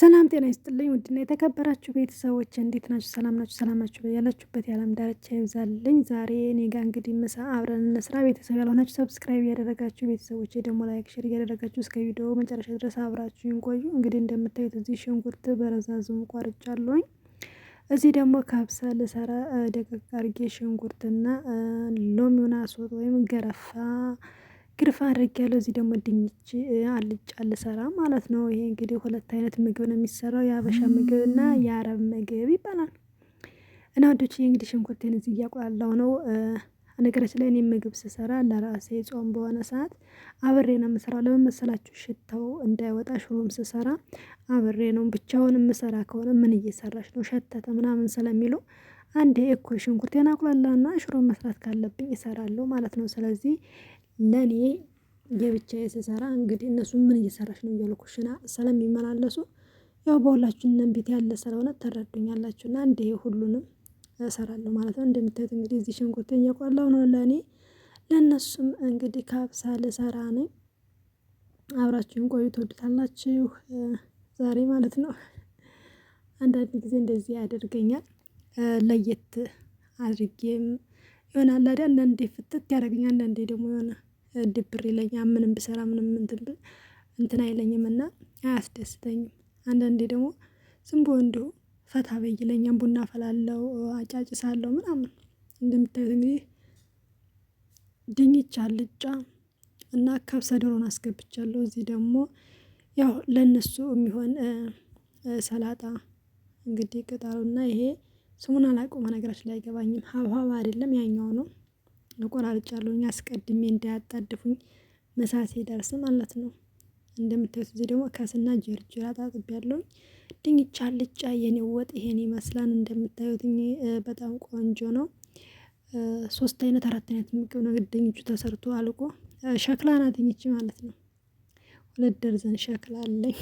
ሰላም ጤና ይስጥልኝ። ውድና የተከበራችሁ ቤተሰቦች እንዴት ናችሁ? ሰላም ናችሁ? ሰላም ናችሁ? ያላችሁበት የዓለም ዳርቻ ይብዛልኝ። ዛሬ እኔ ጋ እንግዲህ ምሳ አብረን እንስራ። ቤተሰብ ያልሆናችሁ ሰብስክራይብ እያደረጋችሁ ቤተሰቦች ደግሞ ላይክ፣ ሼር እያደረጋችሁ እስከ ቪዲዮ መጨረሻ ድረስ አብራችሁ ይንቆዩ። እንግዲህ እንደምታዩት እዚህ ሽንኩርት በረዛዝሙ ቆርጫለሁኝ። እዚህ ደግሞ ካብሳ ልሰራ ደቀቅ አርጌ ሽንኩርትና ሎሚውን አስወጥ ወይም ገረፋ ግርፋ አድርግ ያለው እዚህ ደግሞ ድንች አልጫ ልሰራ ማለት ነው። ይሄ እንግዲህ ሁለት አይነት ምግብ ነው የሚሰራው የሀበሻ ምግብ እና የአረብ ምግብ ይባላል። እና ወዶች እንግዲህ ሽንኩርቴን እዚህ እያቆላላው ነው። ነገራችን ላይ እኔ ምግብ ስሰራ ለራሴ ጾም በሆነ ሰዓት አብሬ ነው የምሰራው። ለምን መሰላችሁ? ሽታው እንዳይወጣ ሽሮም ስሰራ አብሬ ነው። ብቻውን የምሰራ ከሆነ ምን እየሰራች ነው ሸተተ ምናምን ስለሚሉ አንዴ እኮ ሽንኩርቴን አቁላላና ሽሮ መስራት ካለብኝ እሰራለሁ ማለት ነው። ስለዚህ ለእኔ የብቻዬ ስሰራ እንግዲህ እነሱ ምን እየሰራች ነው እያሉ ኩሽና ስለሚመላለሱ ያው በሁላችንም ቤት ያለ ስለሆነ ተረዱኛላችሁ እና እንዲህ ሁሉንም እሰራለሁ ማለት ነው። እንደምታዩት እንግዲህ እዚህ ሽንኩርቴን እየቆላሁ ነው ለእኔ ለእነሱም እንግዲህ ካብሳ ልሰራ ነኝ። አብራችሁን ቆዩ ትወዱታላችሁ ዛሬ ማለት ነው። አንዳንድ ጊዜ እንደዚህ ያደርገኛል ለየት አድርጌም ይሆናል አይደል አንዳንዴ ፍትት ያደርገኛል አንዳንዴ ደግሞ የሆነ ድብር ይለኛል። ምንም ብሰራ ምንም እንትን አይለኝም እና አያስደስተኝም። አንዳንዴ ደግሞ ዝም ብሎ እንዲሁ ፈታ በይ ይለኛል። ቡና ፈላለው አጫጭሳለሁ ምናምን እንደምታዩት እንግዲህ ድኝች አልጫ እና ከብሰ ዶሮን አስገብቻለሁ። እዚህ ደግሞ ያው ለእነሱ የሚሆን ሰላጣ እንግዲህ ቅጠሉና ይሄ ስሙን አላውቀውም ነገራችን ላይ አይገባኝም። ሀብሀብ አይደለም ያኛው ነው። እቆራርጫለሁኝ አስቀድሜ እንዳያጣድፉኝ መሳሴ ደርስ ማለት ነው። እንደምታዩት እዚህ ደግሞ ከስና ጀርጅራ አጣጥቤያለሁኝ። ድንች አልጫ የኔ ወጥ ይሄን ይመስላል። እንደምታዩት በጣም ቆንጆ ነው። ሶስት አይነት አራት አይነት ምግብ ነው ድንቹ ተሰርቶ አልቆ ሸክላ ናት ድንች ማለት ነው። ሁለት ደርዘን ሸክላ አለኝ።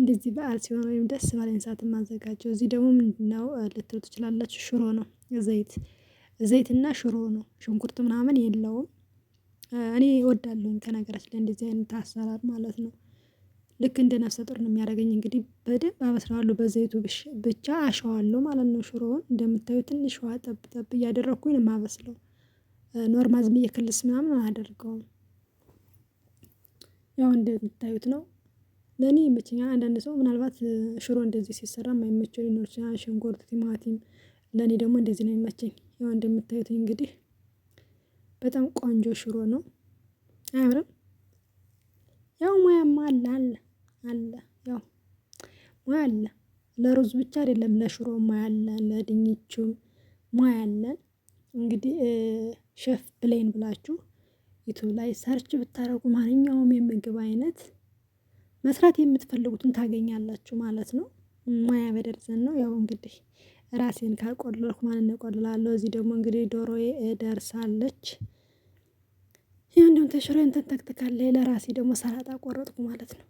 እንደዚህ በዓል ሲሆን ወይም ደስ ባለኝ ሰዓት ማዘጋጀው። እዚህ ደግሞ ምንድነው ልትሉ ትችላላችሁ፣ ሽሮ ነው ዘይት ዘይትና ሽሮ ነው። ሽንኩርት ምናምን የለውም። እኔ እወዳለሁኝ ከነገራችን ላይ እንደዚህ አይነት አሰራር ማለት ነው። ልክ እንደ ነፍሰ ጡር ነው የሚያደርገኝ እንግዲህ በደንብ አበስለዋለሁ በዘይቱ ብቻ አሸዋለሁ ማለት ነው። ሽሮውን እንደምታዩ ትንሽ ውሃ ጠብ ጠብ እያደረኩኝ ነው የማበስለው። ኖርማል ዝም ብዬ ክልስ ምናምን አላደርገውም። ያው እንደምታዩት ነው። ለእኔ ይመቸኛል አንዳንድ ሰው ምናልባት ሽሮ እንደዚህ ሲሰራ የማይመቸው ሊኖር ይችላል ሽንኩርት ቲማቲም ለእኔ ደግሞ እንደዚህ ነው የሚመቸኝ ያው እንደምታዩት እንግዲህ በጣም ቆንጆ ሽሮ ነው። አያምርም? ያው ሙያማ አለ አለ አለ ያው ሙያ አለ። ለሩዝ ብቻ አይደለም ለሽሮ ሙያ አለ፣ ለድንቹም ሙያ አለ። እንግዲህ ሼፍ ብሌን ብላችሁ ዩቱብ ላይ ሰርች ብታረጉ ማንኛውም የምግብ አይነት መስራት የምትፈልጉትን ታገኛላችሁ ማለት ነው። ሙያ በደርዘን ነው ያው እንግዲህ ራሴን ካቆለልኩ ማለት ነው እቆልላለሁ። እዚህ ደግሞ እንግዲህ ዶሮዬ ደርሳለች። ይኸው እንዲሁም ተሽሮ እንትን ተክትካለች። ለራሴ ደግሞ ሰላጣ ቆረጥኩ ማለት ነው።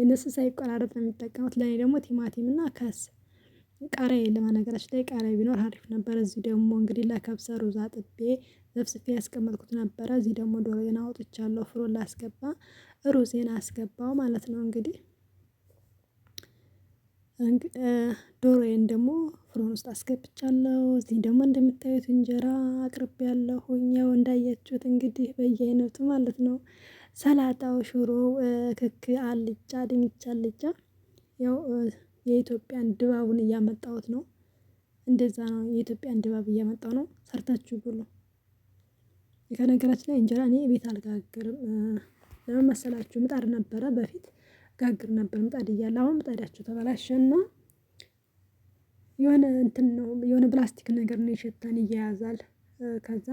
የነሱ ሳይቆራረጥ ነው የሚጠቀሙት። ለእኔ ደግሞ ቲማቲምና ከስ ቃሪያ የለም። ነገራችን ላይ ቃሪያ ቢኖር አሪፍ ነበር። እዚህ ደግሞ እንግዲህ ለከብሰ ሩዝ አጥቤ ዘፍስፌ ያስቀመጥኩት ነበረ። እዚህ ደግሞ ዶሮዬን አውጥቻለሁ። ፍሮ ላስገባ ሩዜን አስገባው ማለት ነው እንግዲህ ዶሮዬን ደግሞ ፍሮን ውስጥ አስገብቻለሁ እዚህ ደግሞ እንደምታዩት እንጀራ አቅርቤያለሁኝ ያው እንዳያችሁት እንግዲህ በየአይነቱ ማለት ነው። ሰላጣው ሽሮ ክክ አልጫ ድንች አልጫ ያው የኢትዮጵያን ድባቡን እያመጣሁት ነው። እንደዛ ነው የኢትዮጵያን ድባብ እያመጣው ነው ሰርታችሁ ብሉ። ከነገራችን ላይ እንጀራ እኔ ቤት አልጋገርም። ለምን መሰላችሁ ምጣድ ነበረ በፊት ጋግር ነበር ምጣድ እያለ አሁን ምጣዳቸው ተበላሸና የሆነ እንትን ነው የሆነ ፕላስቲክ ነገር ነው የሸታን እያያዛል። ከዛ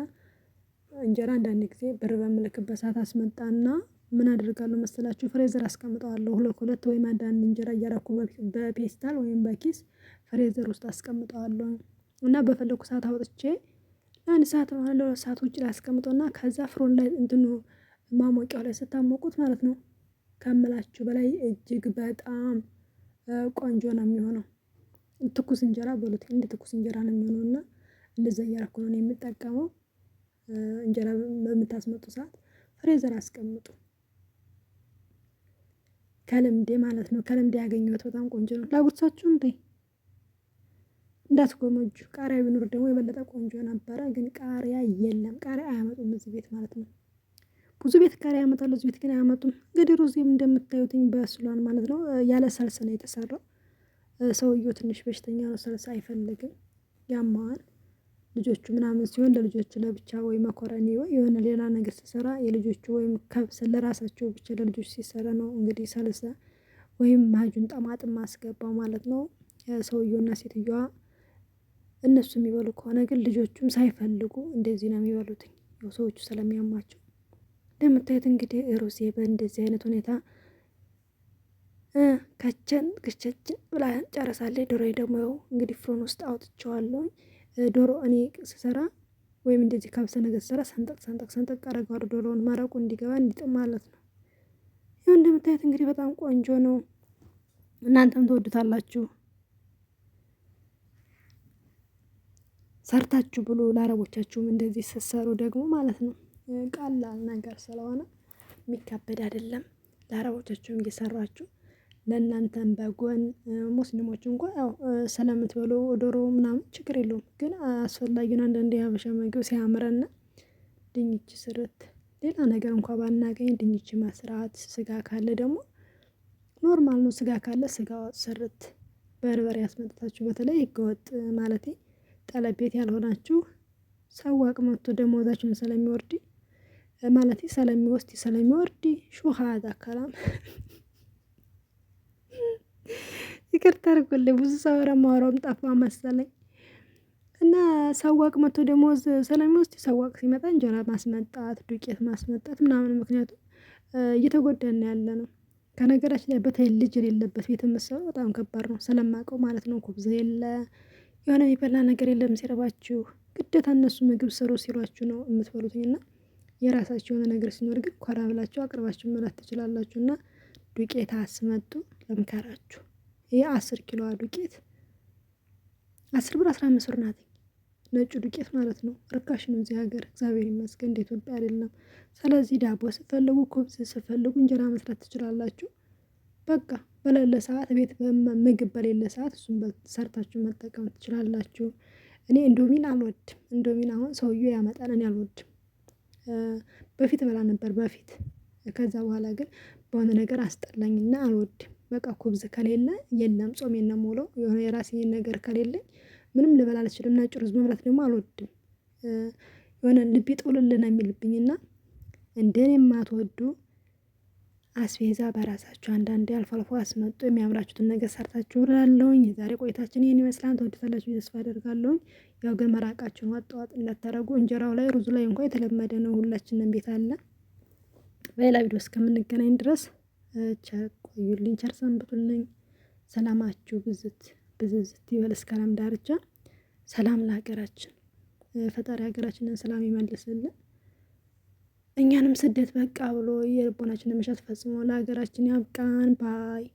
እንጀራ አንዳንድ ጊዜ ብር በምልክበት ሰዓት አስመጣና ምን አደርጋለሁ መሰላችሁ? ፍሬዘር አስቀምጠዋለሁ ሁለት ሁለት ወይም አንዳንድ እንጀራ እያረኩ በፔስታል ወይም በኪስ ፍሬዘር ውስጥ አስቀምጠዋለሁ እና በፈለኩ ሰዓት አውጥቼ አንድ ሰዓት ነው ሰዓት ውጭ ላይ ከዛ ፍሮን ላይ እንትኑ ማሞቂያው ላይ ስታሞቁት ማለት ነው ከምላችሁ በላይ እጅግ በጣም ቆንጆ ነው የሚሆነው። ትኩስ እንጀራ በሉት፣ እንደ ትኩስ እንጀራ ነው የሚሆነው እና እንደዛ እያረኩ ነው የምጠቀመው። እንጀራ በምታስመጡ ሰዓት ፍሬዘር አስቀምጡ። ከልምዴ ማለት ነው። ከልምዴ ያገኘሁት በጣም ቆንጆ ነው። ላጉርሳችሁ እንዴ እንዳትጎመጁ። ቃሪያ ቢኖር ደግሞ የበለጠ ቆንጆ ነበረ፣ ግን ቃሪያ የለም። ቃሪያ አያመጡም እዚህ ቤት ማለት ነው። ብዙ ቤት ጋር ያመጣሉ። እዚህ ቤት ግን አያመጡም። እንግዲህ ሩዝም እንደምታዩትኝ በስሏን ማለት ነው። ያለ ሰልስ ነው የተሰራው። ሰውየው ትንሽ በሽተኛ ነው፣ ሰልስ አይፈልግም፣ ያማዋል። ልጆቹ ምናምን ሲሆን ለልጆቹ ለብቻ ወይ መኮረኒ ወይ የሆነ ሌላ ነገር ሲሰራ የልጆቹ ወይም ከብስ ለራሳቸው ብቻ ለልጆች ሲሰራ ነው እንግዲህ ሰልሰ ወይም ማጁን ጠማጥም ማስገባው ማለት ነው። ሰውየውና ሴትዮዋ እነሱ የሚበሉ ከሆነ ግን ልጆቹም ሳይፈልጉ እንደዚህ ነው የሚበሉትኝ። ሰዎቹ ስለሚያማቸው እንደምታዩት እንግዲህ ሩዜ በእንደዚህ አይነት ሁኔታ ከቸን ክቸችን ብላ ጨረሳለች። ዶሮ ደግሞ ያው እንግዲህ ፍሮን ውስጥ አውጥቼዋለሁ። ዶሮ እኔ ስሰራ ወይም እንደዚህ ካብሰ ነገር ስሰራ ሰንጠቅ ሰንጠቅ ሰንጠቅ አደርገዋለሁ ዶሮውን መረቁ እንዲገባ እንዲጥም ማለት ነው። ይኸው እንደምታዩት እንግዲህ በጣም ቆንጆ ነው። እናንተም ትወዱታላችሁ። ሰርታችሁ ብሎ ለአረቦቻችሁም እንደዚህ ስትሰሩ ደግሞ ማለት ነው ቀላል ነገር ስለሆነ የሚካበድ አይደለም። ለአረቦቻችሁም እየሰራችሁ ለእናንተን በጎን ሙስሊሞች እንኳ ያው ስለምትበሉ ዶሮ ምናምን ችግር የለውም። ግን አስፈላጊውን አንዳንድ የሀበሻ ምግብ ሲያምረና ድንች ስርት ሌላ ነገር እንኳ ባናገኝ ድንች መስራት ስጋ ካለ ደግሞ ኖርማል ነው። ስጋ ካለ ስጋ ስርት በርበሬ ያስመጥታችሁ በተለይ ህገወጥ ማለት ጠለቤት ያልሆናችሁ ሰው አቅመቶ ደሞዛችሁን ስለሚወርድ ማለት ስለሚወስድ ስለሚወርድ ሹሃ ዛከላም ይቅርታ አድርጉልኝ። ብዙ ሰው ማወራውም ጠፋ መሰለኝ እና ሰዋቅ መቶ ደሞዝ ስለሚወስድ ሰዋቅ ሲመጣ እንጀራ ማስመጣት፣ ዱቄት ማስመጣት ምናምን ምክንያቱም እየተጎዳን ያለ ነው። ከነገራችን ላይ በተለይ ልጅ የሌለበት ቤት የምትሰሩ በጣም ከባድ ነው ስለማውቀው ማለት ነው። ኩብዝ የለ የሆነ የሚበላ ነገር የለም ሲረባችሁ ግዴታ እነሱ ምግብ ስሩ ሲሏችሁ ነው የምትበሉትኝ እና የራሳችሁ የሆነ ነገር ሲኖር ግን ኮራ ብላችሁ አቅርባችሁ መብላት ትችላላችሁ። እና ዱቄት አስመጡ ለምከራችሁ። ይህ አስር ኪሎ ዱቄት አስር ብር አስራ አምስት ብር ናት። ነጩ ዱቄት ማለት ነው። ርካሽ ነው እዚህ ሀገር እግዚአብሔር ይመስገን፣ እንደ ኢትዮጵያ አይደለም። ስለዚህ ዳቦ ስፈልጉ፣ ኮብስ ስፈልጉ እንጀራ መስራት ትችላላችሁ። በቃ በሌለ ሰዓት ቤት ምግብ በሌለ ሰዓት እሱም ሰርታችሁ መጠቀም ትችላላችሁ። እኔ እንዶሚን አልወድም። እንዶሚን አሁን ሰውዬው ያመጣል፣ እኔ አልወድም። በፊት በላ ነበር በፊት ከዛ በኋላ ግን በሆነ ነገር አስጠላኝና አልወድም። በቃ ኩብዝ ከሌለ የለም ጾም የለም የምውለው የሆነ የራሴ ነገር ከሌለኝ ምንም ልበላ አልችልም ነጭ ሩዝ መብላት ደግሞ አልወድም። የሆነ ልቢ ጥውልል የሚልብኝ እንደኔ የማትወዱ አስቤዛ በራሳችሁ አንዳንዴ አልፎ አልፎ አስመጡ። የሚያምራችሁትን ነገር ሰርታችሁ ላለውኝ የዛሬ ቆይታችን ይህን ይመስላል። ተወድታላችሁ ተስፋ አደርጋለሁኝ። ያው ግን መራቃችሁን ዋጠዋጥ እንዳታደረጉ። እንጀራው ላይ ሩዙ ላይ እንኳ የተለመደ ነው፣ ሁላችንም ቤት አለ። በሌላ ቪዲዮ እስከምንገናኝ ድረስ ቆዩልኝ፣ ቸር ሰንብቱልኝ። ሰላማችሁ ብዝት ብዝዝት ይበል እስከ ዓለም ዳርቻ። ሰላም ለሀገራችን፣ ፈጣሪ ሀገራችንን ሰላም ይመልስልን። እኛንም ስደት በቃ ብሎ የልቦናችን መሻት ፈጽሞ ለሀገራችን ያብቃን ባይ